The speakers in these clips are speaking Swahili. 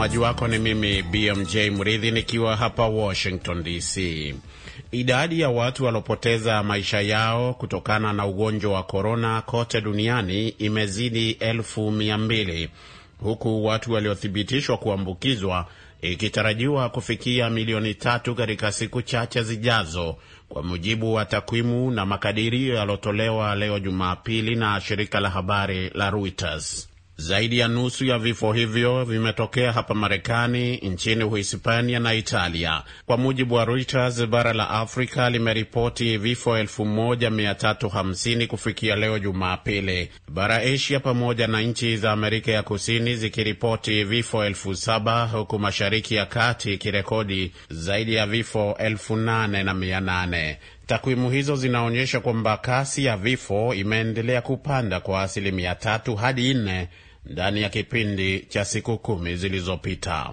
msomaji wako ni mimi BMJ Mridhi nikiwa hapa Washington DC. Idadi ya watu waliopoteza maisha yao kutokana na ugonjwa wa korona kote duniani imezidi elfu mia mbili huku watu waliothibitishwa kuambukizwa ikitarajiwa kufikia milioni tatu katika siku chache zijazo, kwa mujibu wa takwimu na makadirio yaliyotolewa leo Jumapili na shirika la habari la Reuters. Zaidi ya nusu ya vifo hivyo vimetokea hapa Marekani, nchini Uhispania na Italia. Kwa mujibu wa Reuters, bara la Afrika limeripoti vifo 1350 kufikia leo Jumapili, bara Asia pamoja na nchi za Amerika ya Kusini zikiripoti vifo 7000 huku Mashariki ya Kati ikirekodi zaidi ya vifo 8800. Takwimu hizo zinaonyesha kwamba kasi ya vifo imeendelea kupanda kwa asilimia tatu hadi nne ndani ya kipindi cha siku kumi zilizopita.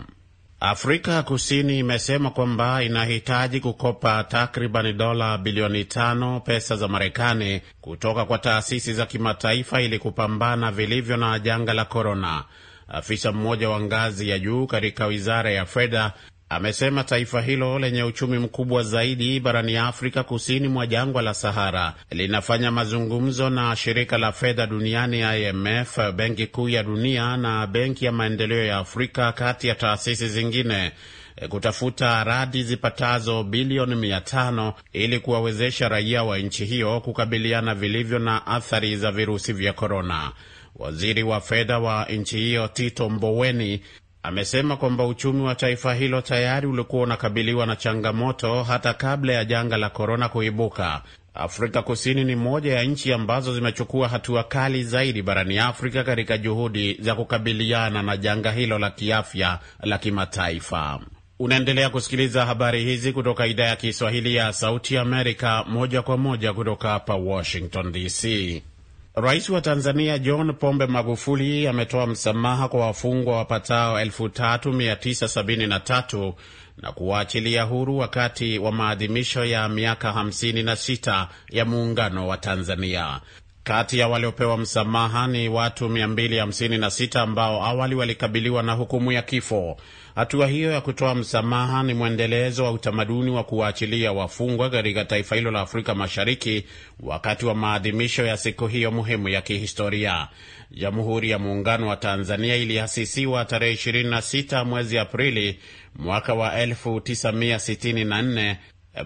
Afrika Kusini imesema kwamba inahitaji kukopa takribani dola bilioni tano pesa za Marekani kutoka kwa taasisi za kimataifa ili kupambana vilivyo na janga la korona. Afisa mmoja wa ngazi ya juu katika wizara ya fedha amesema taifa hilo lenye uchumi mkubwa zaidi barani Afrika kusini mwa jangwa la Sahara linafanya mazungumzo na shirika la fedha duniani IMF, benki kuu ya dunia na benki ya maendeleo ya Afrika kati ya taasisi zingine e, kutafuta radi zipatazo bilioni mia tano ili kuwawezesha raia wa nchi hiyo kukabiliana vilivyo na athari za virusi vya korona. Waziri wa fedha wa nchi hiyo Tito Mboweni amesema kwamba uchumi wa taifa hilo tayari ulikuwa unakabiliwa na changamoto hata kabla ya janga la korona kuibuka. Afrika Kusini ni moja ya nchi ambazo zimechukua hatua kali zaidi barani Afrika katika juhudi za kukabiliana na janga hilo la kiafya la kimataifa. Unaendelea kusikiliza habari hizi kutoka idhaa ya Kiswahili ya Sauti Amerika, moja kwa moja kutoka hapa Washington DC. Rais wa Tanzania John Pombe Magufuli ametoa msamaha kwa wafungwa wapatao 3973 na kuwaachilia huru wakati wa maadhimisho ya miaka 56 ya muungano wa Tanzania. Kati ya waliopewa msamaha ni watu 256 ambao awali walikabiliwa na hukumu ya kifo. Hatua hiyo ya kutoa msamaha ni mwendelezo wa utamaduni wa kuwaachilia wafungwa katika taifa hilo la Afrika Mashariki wakati wa maadhimisho ya siku hiyo muhimu ya kihistoria. Jamhuri ya Muungano wa Tanzania iliasisiwa tarehe 26 mwezi Aprili mwaka wa 1964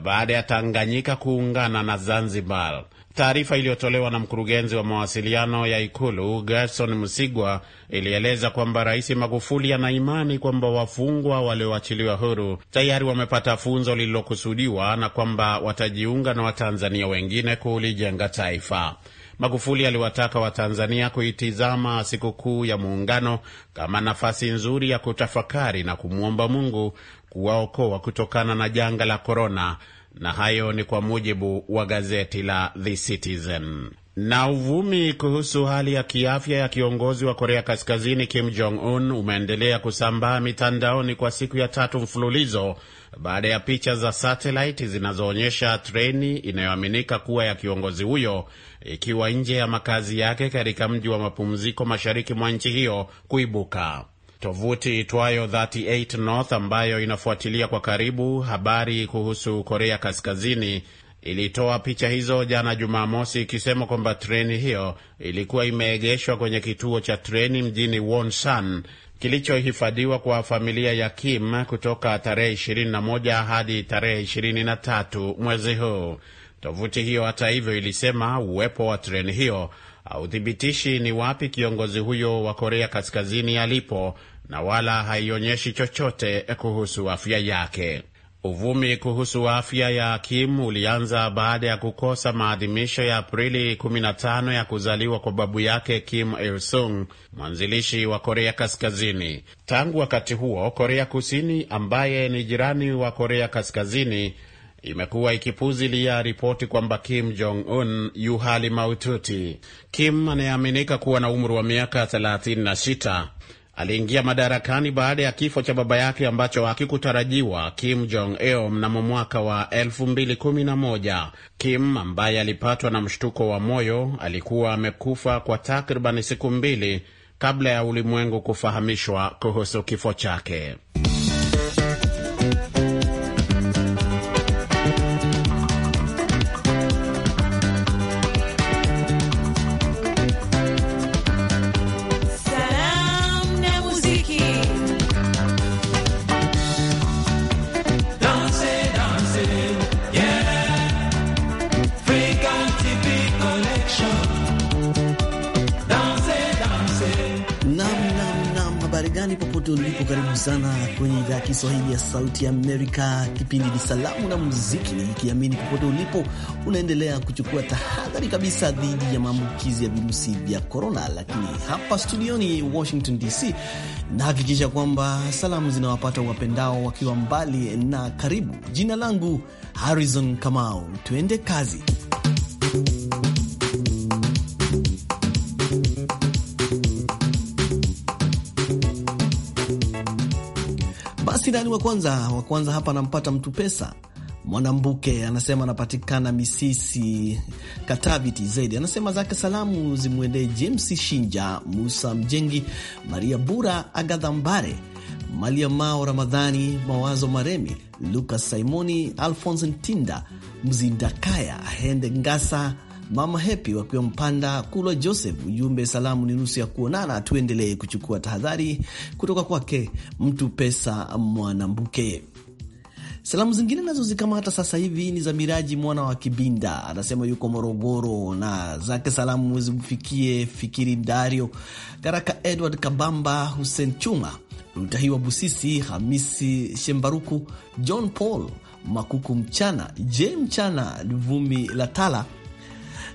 baada ya Tanganyika kuungana na Zanzibar. Taarifa iliyotolewa na mkurugenzi wa mawasiliano ya Ikulu Gerson Msigwa ilieleza kwamba Rais Magufuli ana imani kwamba wafungwa walioachiliwa huru tayari wamepata funzo lililokusudiwa na kwamba watajiunga na Watanzania wengine kulijenga taifa. Magufuli aliwataka Watanzania kuitizama sikukuu ya Muungano kama nafasi nzuri ya kutafakari na kumwomba Mungu kuwaokoa kutokana na janga la korona na hayo ni kwa mujibu wa gazeti la The Citizen. Na uvumi kuhusu hali ya kiafya ya kiongozi wa Korea Kaskazini Kim Jong Un umeendelea kusambaa mitandaoni kwa siku ya tatu mfululizo baada ya picha za satelaiti zinazoonyesha treni inayoaminika kuwa ya kiongozi huyo ikiwa nje ya makazi yake katika mji wa mapumziko mashariki mwa nchi hiyo kuibuka. Tovuti itwayo 38 North ambayo inafuatilia kwa karibu habari kuhusu Korea Kaskazini ilitoa picha hizo jana Jumamosi ikisema kwamba treni hiyo ilikuwa imeegeshwa kwenye kituo cha treni mjini Wonsan kilichohifadhiwa kwa familia ya Kim kutoka tarehe 21 hadi tarehe 23 mwezi huu. Tovuti hiyo hata hivyo ilisema uwepo wa treni hiyo hauthibitishi ni wapi kiongozi huyo wa Korea Kaskazini alipo na wala haionyeshi chochote kuhusu afya yake. Uvumi kuhusu afya ya Kim ulianza baada ya kukosa maadhimisho ya Aprili 15 ya kuzaliwa kwa babu yake Kim Il Sung, mwanzilishi wa Korea Kaskazini. Tangu wakati huo, Korea Kusini ambaye ni jirani wa Korea Kaskazini imekuwa ikipuzilia ripoti kwamba Kim Jong Un yu hali mahututi. Kim anayeaminika kuwa na umri wa miaka 36 aliingia madarakani baada ya kifo cha baba yake ambacho hakikutarajiwa, Kim Jong Il, mnamo mwaka wa 2011. Kim ambaye alipatwa na mshtuko wa moyo alikuwa amekufa kwa takribani siku mbili kabla ya ulimwengu kufahamishwa kuhusu kifo chake. popote ulipo, karibu sana kwenye idhaa ya Kiswahili ya Sauti ya Amerika. Kipindi ni Salamu na Muziki, ikiamini popote ulipo unaendelea kuchukua tahadhari kabisa dhidi ya maambukizi ya virusi vya korona. Lakini hapa studioni Washington DC nahakikisha kwamba salamu zinawapata wapendao wakiwa mbali na karibu. Jina langu Harrison Kamau, tuende kazi. basi nani wa kwanza? Wa kwanza hapa anampata mtu pesa Mwanambuke anasema anapatikana Misisi, Katavi, TZ. Anasema zake salamu zimwendee James Shinja, Musa Mjengi, Maria Bura, Agadha Mbare, Malia Mao, Ramadhani Mawazo, Maremi Lucas, Simoni Alfonse Ntinda, Mzindakaya Hende Ngasa Mama Hepi wakiwa Mpanda Kulwa Joseph. Ujumbe salamu ni nusu ya kuonana, tuendelee kuchukua tahadhari kutoka kwake mtu pesa Mwanambuke. Salamu zingine nazo zikamata sasa hivi ni za Miraji mwana wa Kibinda, anasema yuko Morogoro na zake salamu zimfikie Fikiri Dario Karaka, Edward Kabamba, Hussein Chuma Rutahiwa Busisi Hamisi Shembaruku, John Paul Makuku, Mchana Je Mchana Vumi tala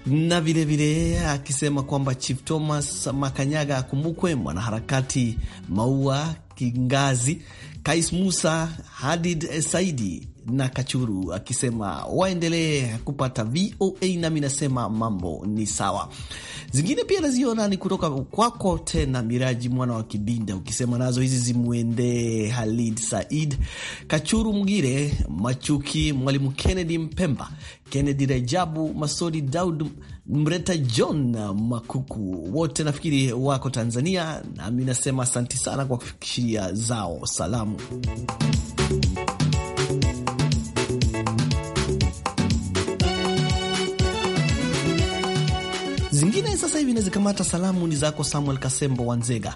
na vilevile akisema kwamba Chief Thomas Makanyaga akumbukwe, mwanaharakati Maua Kingazi, Kais Musa, Hadid Saidi na Kachuru akisema waendelee kupata VOA, nami nasema mambo ni sawa. Zingine pia naziona ni kutoka kwako tena, Miraji mwana wa Kibinda, ukisema nazo hizi zimwendee Halid Said, Kachuru Mgire, Machuki, Mwalimu Kennedy Mpemba, Kennedy rajabu Masodi Daud, Mreta John Makuku, wote nafikiri wako Tanzania, nami nasema asanti sana kwa kufikiria zao salamu. naye sasa hivi nazikamata salamu ni zako Samuel Kasembo Wanzega,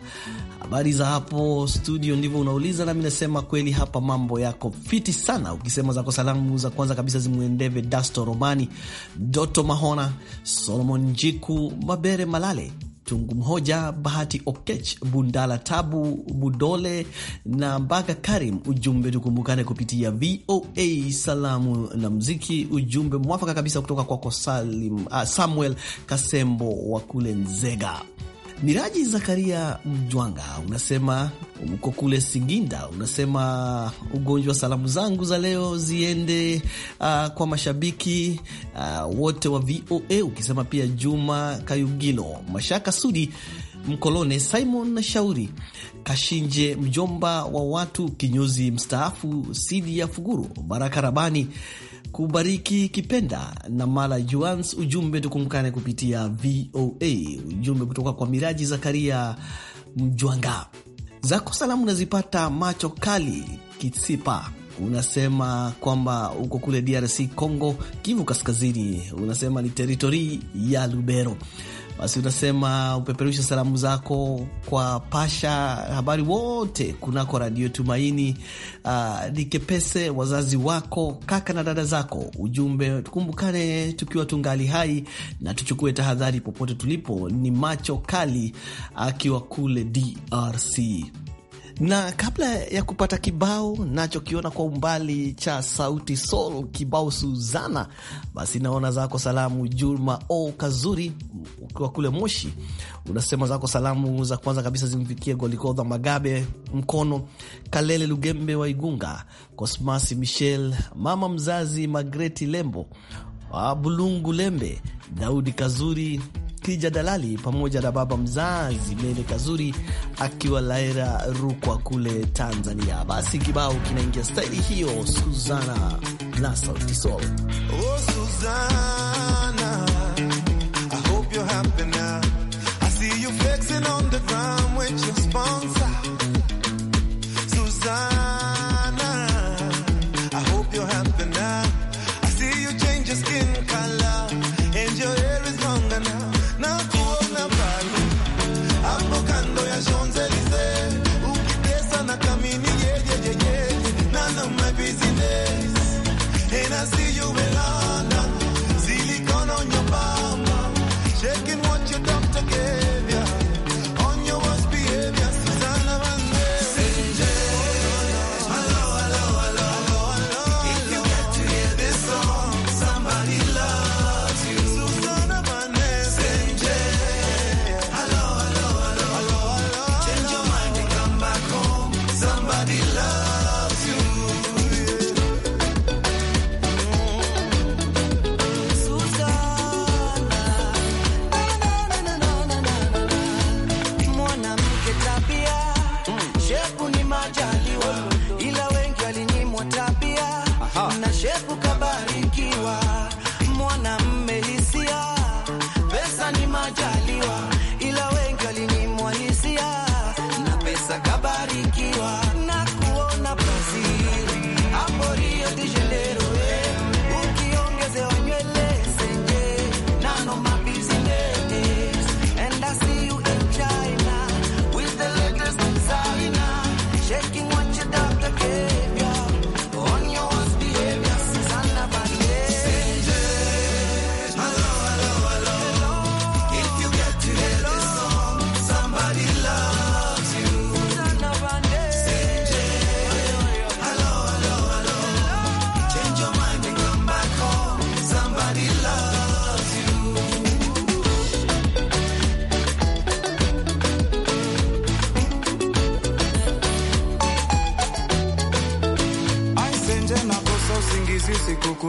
habari za hapo studio? Ndivyo unauliza, nami nasema kweli hapa mambo yako fiti sana. Ukisema zako salamu za kwanza kabisa zimwendeve Dasto Romani, Doto Mahona, Solomon Njiku, Mabere Malale Tungu Mhoja, Bahati Okech, Bundala Tabu Budole na Mbaka Karim. Ujumbe tukumbukane kupitia VOA Salamu na Mziki. Ujumbe mwafaka kabisa kutoka kwako Salim, uh, Samuel Kasembo wa kule Nzega. Miraji Zakaria Mjwanga, unasema uko kule Singinda, unasema ugonjwa, salamu zangu za leo ziende uh, kwa mashabiki uh, wote wa VOA, ukisema pia Juma Kayugino, Mashaka Sudi Mkolone Simon na Shauri Kashinje, mjomba wa watu kinyozi mstaafu, Sidi ya Fuguru, Baraka Rabani kubariki kipenda na mala juans. Ujumbe tukumbukane kupitia VOA. Ujumbe kutoka kwa Miraji Zakaria Mjwanga. Zako salamu nazipata macho kali Kisipa, unasema kwamba uko kule DRC Congo, Kivu Kaskazini, unasema ni teritori ya Lubero basi unasema upeperusha salamu zako kwa pasha habari wote kunako Radio Tumaini, uh, ah, nikepese wazazi wako, kaka na dada zako. Ujumbe, tukumbukane tukiwa tungali hai na tuchukue tahadhari popote tulipo. Ni macho kali akiwa kule DRC na kabla ya kupata kibao nachokiona kwa umbali cha Sauti Sol, kibao Suzana, basi naona zako salamu Juma O Kazuri ukiwa kule Moshi, unasema zako salamu za kwanza kabisa zimfikie Golikodha Magabe Mkono, Kalele Lugembe wa Igunga, Cosmas Michel, mama mzazi Magreti Lembo Bulungu Lembe, Daudi Kazuri, Tija Dalali pamoja na baba mzazi Mele Kazuri akiwa Laira Rukwa kule Tanzania. Basi kibao kinaingia staili hiyo, Suzana na Sauti Sol. Oh, Suzana, I hope you're happy now. I see you flexing on the ground with your sponsor.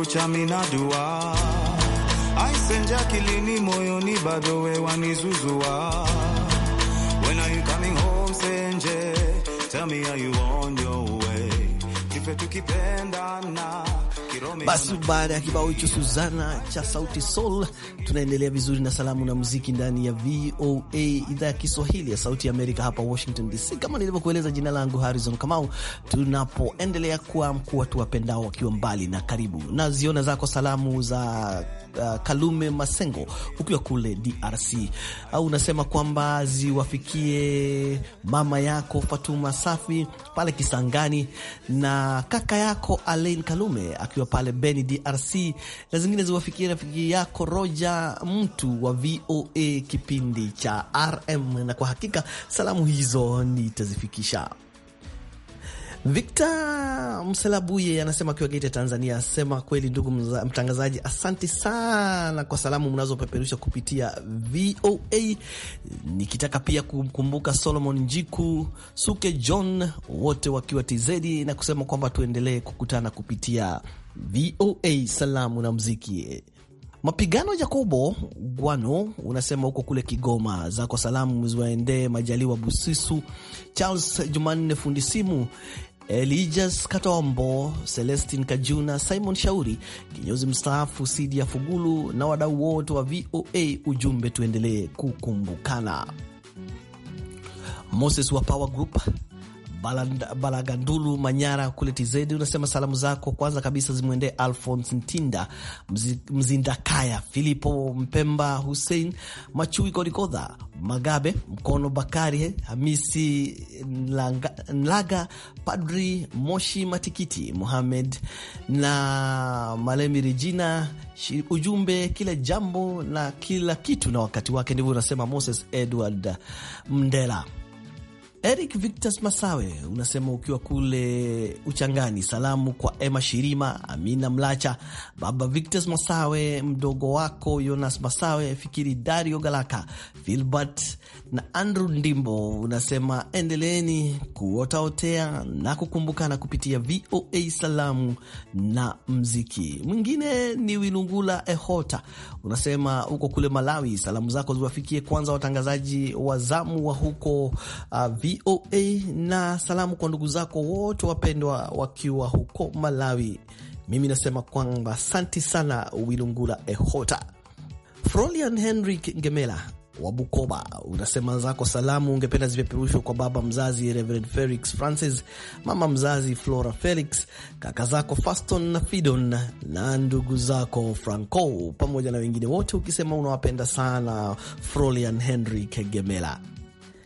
cha minadua aisenja kilini moyoni bado we wanizuzua When are you coming home senje tell me are you on your way kipe tukipendana basi baada ya kibao hicho Suzana cha Sauti Sol, tunaendelea vizuri na salamu na muziki ndani ya VOA idhaa ya Kiswahili ya Sauti ya Amerika hapa Washington DC. Kama nilivyokueleza, jina langu Harrison Kamau, tunapoendelea kuwa mkuu watu wapendao wakiwa mbali na karibu, na ziona zako salamu za uh, Kalume Masengo ukiwa kule DRC, au unasema kwamba ziwafikie mama yako Fatuma Safi pale Kisangani na kaka yako Alain Kalume akiwa pale Beni DRC, na zingine ziwafikie rafiki yako Roja mtu wa VOA kipindi cha RM, na kwa hakika salamu hizo nitazifikisha. Victor Mselabuye anasema akiwa Geita, Tanzania, asema kweli, ndugu mtangazaji, asante sana kwa salamu mnazopeperusha kupitia VOA, nikitaka pia kumkumbuka Solomon Njiku, Suke John, wote wakiwa TZ na kusema kwamba tuendelee kukutana kupitia VOA salamu na mziki. Mapigano Jacobo Gwano unasema huko kule Kigoma, zako salamu ziwaendee Majaliwa Busisu, Charles Jumanne fundi simu Elijas Katombo, Celestin Kajuna, Simon Shauri, kinyozi mstaafu Sidia Fugulu na wadau wote wa VOA. Ujumbe tuendelee kukumbukana. Moses wa Power Group Balagandulu Manyara kule TZ, unasema salamu zako kwanza kabisa zimwendee Alfons Ntinda Mzindakaya, Filipo Mpemba, Hussein Machui, Korikodha Magabe Mkono, Bakari eh, Hamisi Nlaga, Nlaga Padri Moshi Matikiti, Muhamed na Malemi Regina. Ujumbe kila jambo na kila kitu na wakati wake, ndivyo unasema Moses Edward Mndela. Eric Victus Masawe unasema ukiwa kule Uchangani, salamu kwa Emma Shirima, Amina Mlacha, Baba Victus Masawe, mdogo wako Jonas Masawe, Fikiri Dario Galaka, Filbert na Andrew Ndimbo. Unasema endeleeni kuotaotea na kukumbukana kupitia VOA salamu na mziki. Mwingine ni Wilungula Ehota, unasema uko kule Malawi, salamu zako ziwafikie kwanza watangazaji wa zamu wa huko uh, VOA na salamu kwa ndugu zako wote wapendwa wakiwa huko Malawi. Mimi nasema kwamba asanti sana Wilungula Ehota. Frolian Henrik Ngemela wa Bukoba unasema zako salamu ungependa zipeperushwe kwa baba mzazi Reverend Felix Francis, mama mzazi Flora Felix, kaka zako Faston na Fidon na ndugu zako Franco pamoja na wengine wote, ukisema unawapenda sana. Frolian Henrik Gemela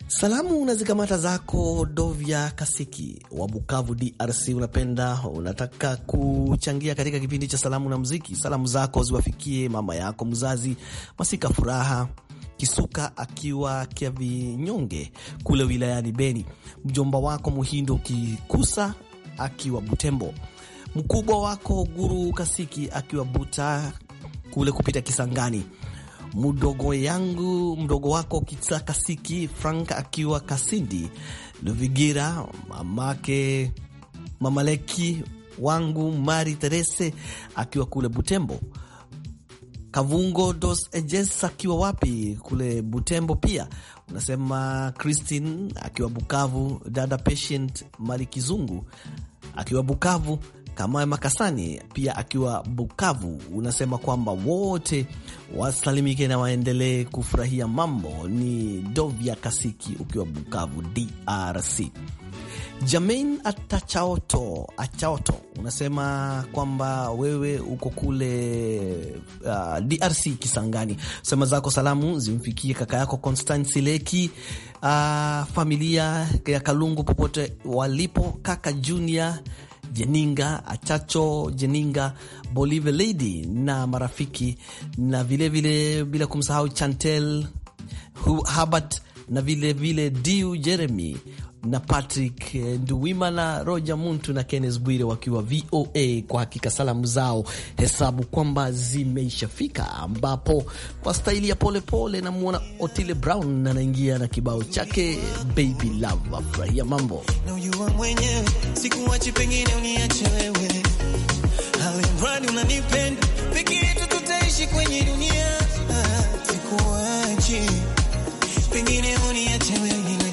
Salamu na zikamata zako Dovya Kasiki wa Bukavu, DRC. Unapenda unataka kuchangia katika kipindi cha salamu na muziki. Salamu zako ziwafikie mama yako mzazi Masika Furaha Kisuka akiwa Kyavinyonge kule wilayani Beni, mjomba wako Muhindo Kikusa akiwa Butembo, mkubwa wako Guru Kasiki akiwa Buta kule kupita Kisangani mdogo yangu mdogo wako Kitaka Siki Frank akiwa Kasindi Luvigira, mamake mamaleki wangu Mari Terese akiwa kule Butembo, Kavungo Dos Ejes akiwa wapi kule Butembo pia unasema Christine akiwa Bukavu, dada Patient Mari Kizungu akiwa Bukavu, kamawe Makasani pia akiwa Bukavu, unasema kwamba wote wasalimike na waendelee kufurahia mambo. Ni Dovya Kasiki ukiwa Bukavu, DRC. Jamain Atachaoto Achaoto unasema kwamba wewe uko kule uh, DRC Kisangani, sema zako salamu zimfikie kaka yako Constant Sileki, uh, familia ya Kalungu popote walipo, kaka Junior Jeninga Achacho Jeninga, Bolive Lady na marafiki, na vilevile bila kumsahau Chantel Hubert na vilevile Diu Jeremy na Patrick eh, Nduwimana, Roger Muntu na Kenneth Bwire wakiwa VOA. Kwa hakika salamu zao hesabu kwamba zimeishafika, ambapo kwa staili ya polepole namwona Otile Brown anaingia na kibao chake Baby Love. Afurahia mambo pengine uniache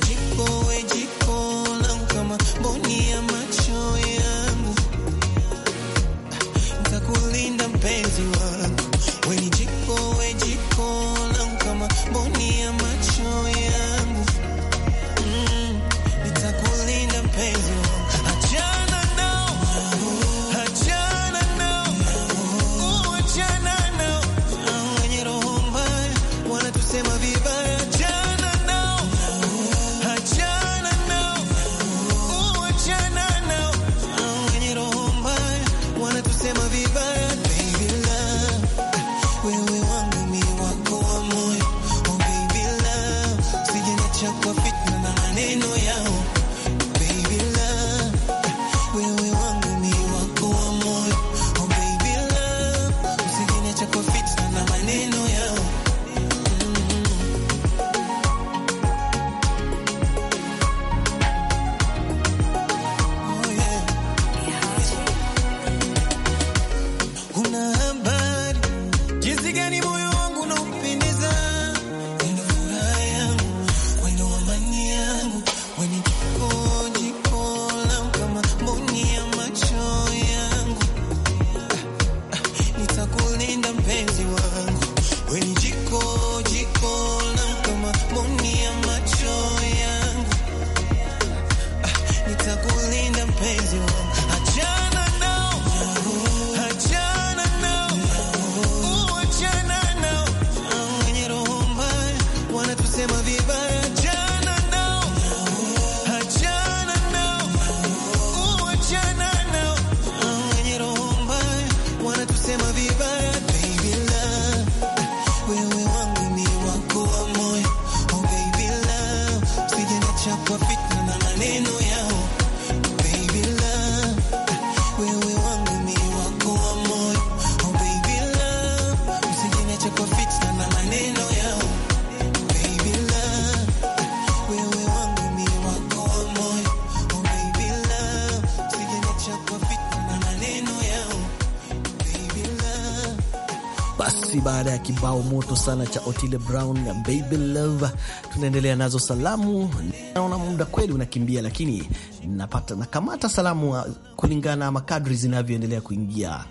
baada ya kibao moto sana cha Otile Brown na Baby Love. Tunaendelea nazo salamu, naona muda kweli unakimbia, lakini napata nakamata salamu uh, kulingana makadri zinavyoendelea kuingia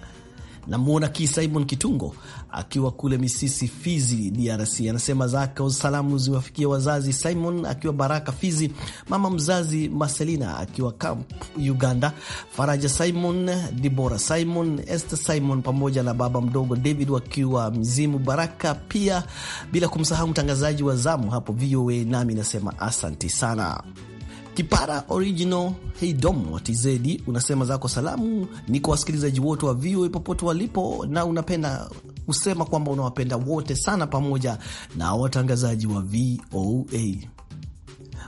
Namwona ki Simon Kitungo akiwa kule Misisi, Fizi, DRC, anasema zako salamu ziwafikie wazazi Simon akiwa Baraka Fizi, mama mzazi Marcelina akiwa Camp Uganda, Faraja Simon, Dibora Simon, Este Simon pamoja na baba mdogo David wakiwa Mzimu Baraka, pia bila kumsahau mtangazaji wa zamu hapo VOA, nami nasema asanti sana. Kipara original heidom wa TZ unasema zako salamu ni kwa wasikilizaji wote wa VOA popote walipo, na unapenda kusema kwamba unawapenda wote sana, pamoja na watangazaji wa VOA.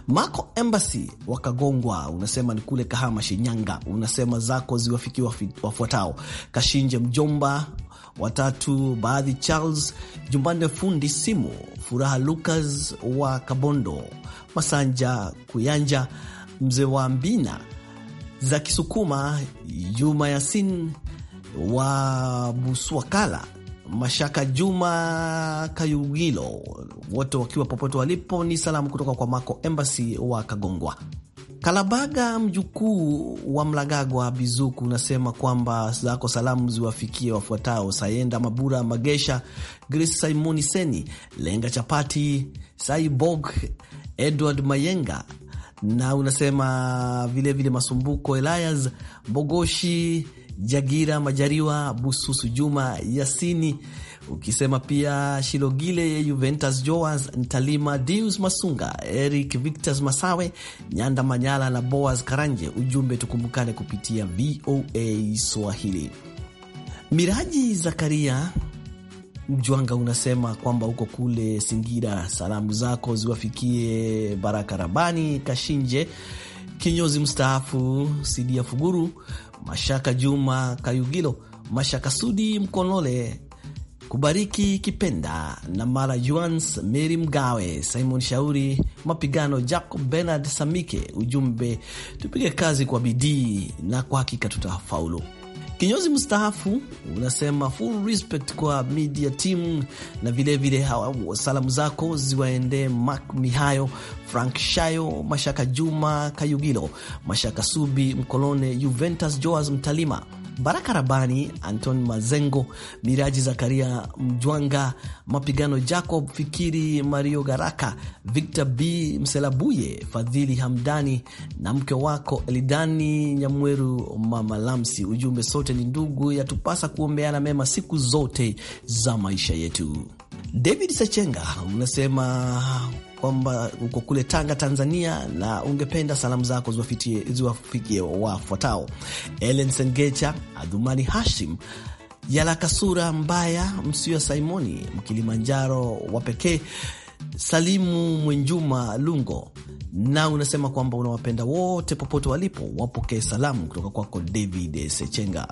Mako Embassy wakagongwa, unasema ni kule Kahama, Shinyanga. Unasema zako ziwafikie wafuatao: Kashinje mjomba watatu baadhi, Charles Jumbande, fundi simu, Furaha Lucas wa Kabondo, Masanja Kuyanja, mzee wa Mbina za Kisukuma, Juma Yasin wa Buswakala Mashaka Juma Kayugilo, wote wakiwa popote walipo, ni salamu kutoka kwa Mako Embassy wa Kagongwa. Kalabaga mjukuu wa Mlagagwa Bizuku, unasema kwamba zako salamu ziwafikie wafuatao: Sayenda Mabura, Magesha Grace, Simoni Seni, Lenga Chapati, Saibog, Edward Mayenga, na unasema vilevile vile Masumbuko Elias Bogoshi Jagira Majariwa Bususu Juma Yasini, ukisema pia Shilogile Juventus Joas Ntalima Deus Masunga Eric Victos Masawe Nyanda Manyala na Boas Karanje. Ujumbe tukumbukane kupitia VOA Swahili. Miraji Zakaria Mjwanga unasema kwamba huko kule Singida, salamu zako ziwafikie Baraka Rabani Kashinje, kinyozi mstaafu, Sidia Fuguru, Mashaka Juma Kayugilo, Mashaka Sudi Mkonole, Kubariki Kipenda na Mara Juans, Meri Mgawe, Simon Shauri, Mapigano, Jacob Benard Samike. Ujumbe, tupige kazi kwa bidii na kwa hakika tutafaulu kinyozi mstaafu unasema full respect kwa media team, na vilevile salamu zako ziwaendee Mak Mihayo, Frank Shayo, Mashaka Juma Kayugilo, Mashaka Subi, Mkolone Juventus, Joas Mtalima Baraka Rabani, Anton Mazengo, Miraji Zakaria Mjwanga, Mapigano Jacob Fikiri, Mario Garaka, Victor B Mselabuye, Fadhili Hamdani na mke wako Elidani Nyamweru, Mama Lamsi. Ujumbe, sote ni ndugu, yatupasa kuombeana mema siku zote za maisha yetu. David Sachenga unasema kwamba uko kule Tanga, Tanzania, na ungependa salamu zako ziwafikie wafuatao: Ellen Sengecha, Adhumani Hashim, Yalakasura Mbaya, Msio Simoni Mkilimanjaro wa pekee, Salimu Mwenjuma Lungo na unasema kwamba unawapenda wote popote walipo, wapokee salamu kutoka kwako David Sechenga.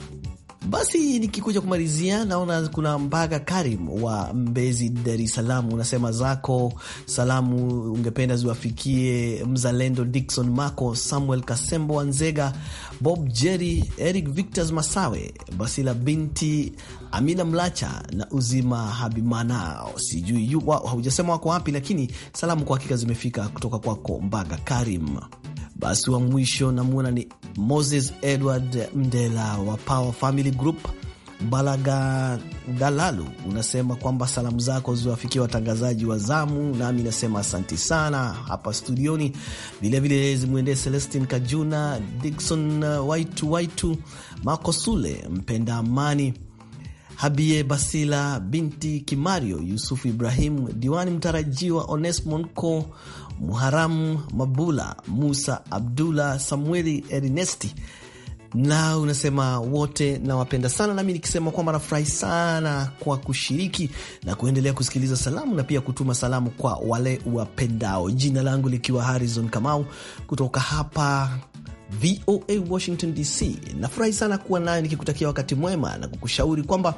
Basi nikikuja kumalizia, naona kuna Mbaga Karim wa Mbezi, Dar es Salaam, unasema zako salamu ungependa ziwafikie Mzalendo Dikson Mako, Samuel Kasembo Wanzega, Bob Jerry, Eric Victor Masawe, Basila binti Amina Mlacha na Uzima Habimana. Sijui haujasema wako wapi, lakini salamu kwa hakika zimefika kutoka kwako Mbaga Karim. Basi wa mwisho namwona ni Moses Edward Mdela wa Power Family Group Galalu, unasema kwamba salamu zako ziwafikia watangazaji wa zamu, nami nasema asanti sana hapa studioni. Vilevile zimwendee Celestin Kajuna, Dikson Waitu Waitu, Mako Sule, Mpenda Amani, Habie Basila, Binti Kimario, Yusufu Ibrahimu, Diwani Mtarajiwa, Onesmonco Muharamu Mabula, Musa Abdullah, Samueli Ernesti na unasema wote nawapenda sana, nami nikisema kwamba nafurahi sana kwa kushiriki na kuendelea kusikiliza salamu na pia kutuma salamu kwa wale wapendao. Jina langu likiwa Harrison Kamau kutoka hapa VOA Washington DC. Nafurahi sana kuwa nayo nikikutakia wakati mwema na kukushauri kwamba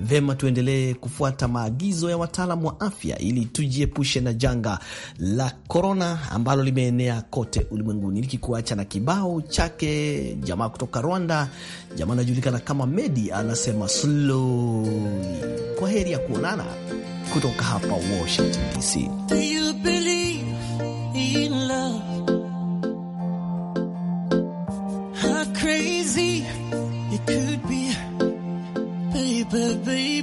vema tuendelee kufuata maagizo ya wataalam wa afya ili tujiepushe na janga la korona ambalo limeenea kote ulimwenguni. Nikikuacha na kibao chake jamaa kutoka Rwanda, jamaa anajulikana kama Medi, anasema slowly. Kwa heri ya kuonana kutoka hapa Washington DC. be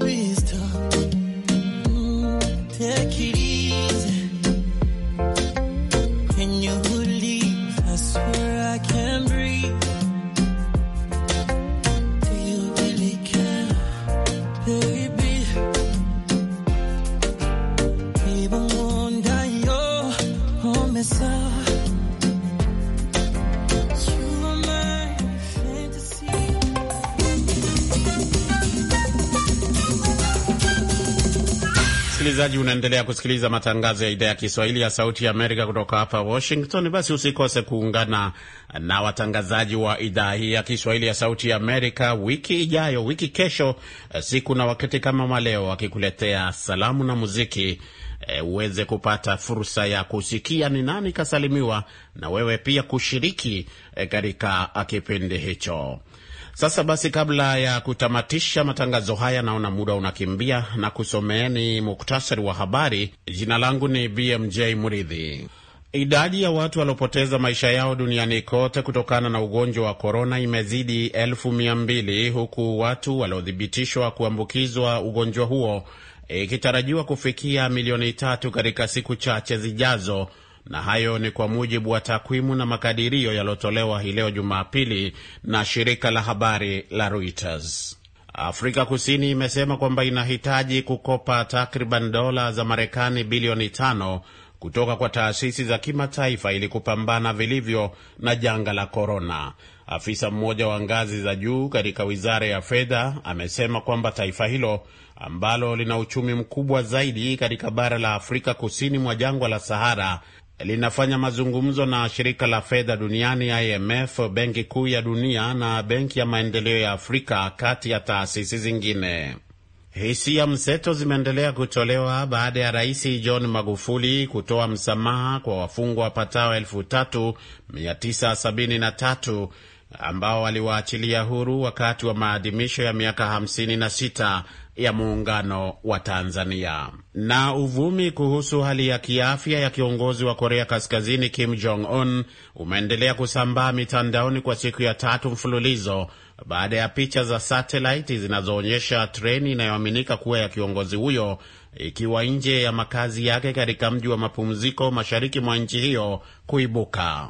Msikilizaji, unaendelea kusikiliza matangazo ya idhaa ya Kiswahili ya Sauti ya Amerika kutoka hapa Washington. Basi usikose kuungana na watangazaji wa idhaa hii ya Kiswahili ya Sauti ya Amerika wiki ijayo, wiki kesho, eh, siku na wakati kama waleo, wakikuletea salamu na muziki e, uweze kupata fursa ya kusikia ni nani kasalimiwa na wewe pia kushiriki eh, katika kipindi hicho. Sasa basi, kabla ya kutamatisha matangazo haya, naona muda unakimbia na kusomeeni muktasari wa habari. Jina langu ni BMJ Muridhi. Idadi ya watu waliopoteza maisha yao duniani kote kutokana na ugonjwa wa korona imezidi elfu mia mbili huku watu waliothibitishwa kuambukizwa ugonjwa huo ikitarajiwa kufikia milioni tatu katika siku chache zijazo, na hayo ni kwa mujibu wa takwimu na makadirio yaliyotolewa hii leo Jumapili na shirika la habari la Reuters. Afrika Kusini imesema kwamba inahitaji kukopa takriban dola za Marekani bilioni tano kutoka kwa taasisi za kimataifa ili kupambana vilivyo na janga la korona. Afisa mmoja wa ngazi za juu katika wizara ya fedha amesema kwamba taifa hilo ambalo lina uchumi mkubwa zaidi katika bara la Afrika kusini mwa jangwa la Sahara linafanya mazungumzo na shirika la fedha duniani IMF, benki kuu ya dunia na benki ya maendeleo ya Afrika kati ya taasisi zingine. Hisia mseto zimeendelea kutolewa baada ya Rais John Magufuli kutoa msamaha kwa wafungwa wapatao 3973 ambao waliwaachilia huru wakati wa maadhimisho ya miaka 56 ya muungano wa Tanzania. Na uvumi kuhusu hali ya kiafya ya kiongozi wa Korea Kaskazini Kim Jong Un umeendelea kusambaa mitandaoni kwa siku ya tatu mfululizo baada ya picha za satelaiti zinazoonyesha treni inayoaminika kuwa ya kiongozi huyo ikiwa nje ya makazi yake katika mji wa mapumziko mashariki mwa nchi hiyo kuibuka.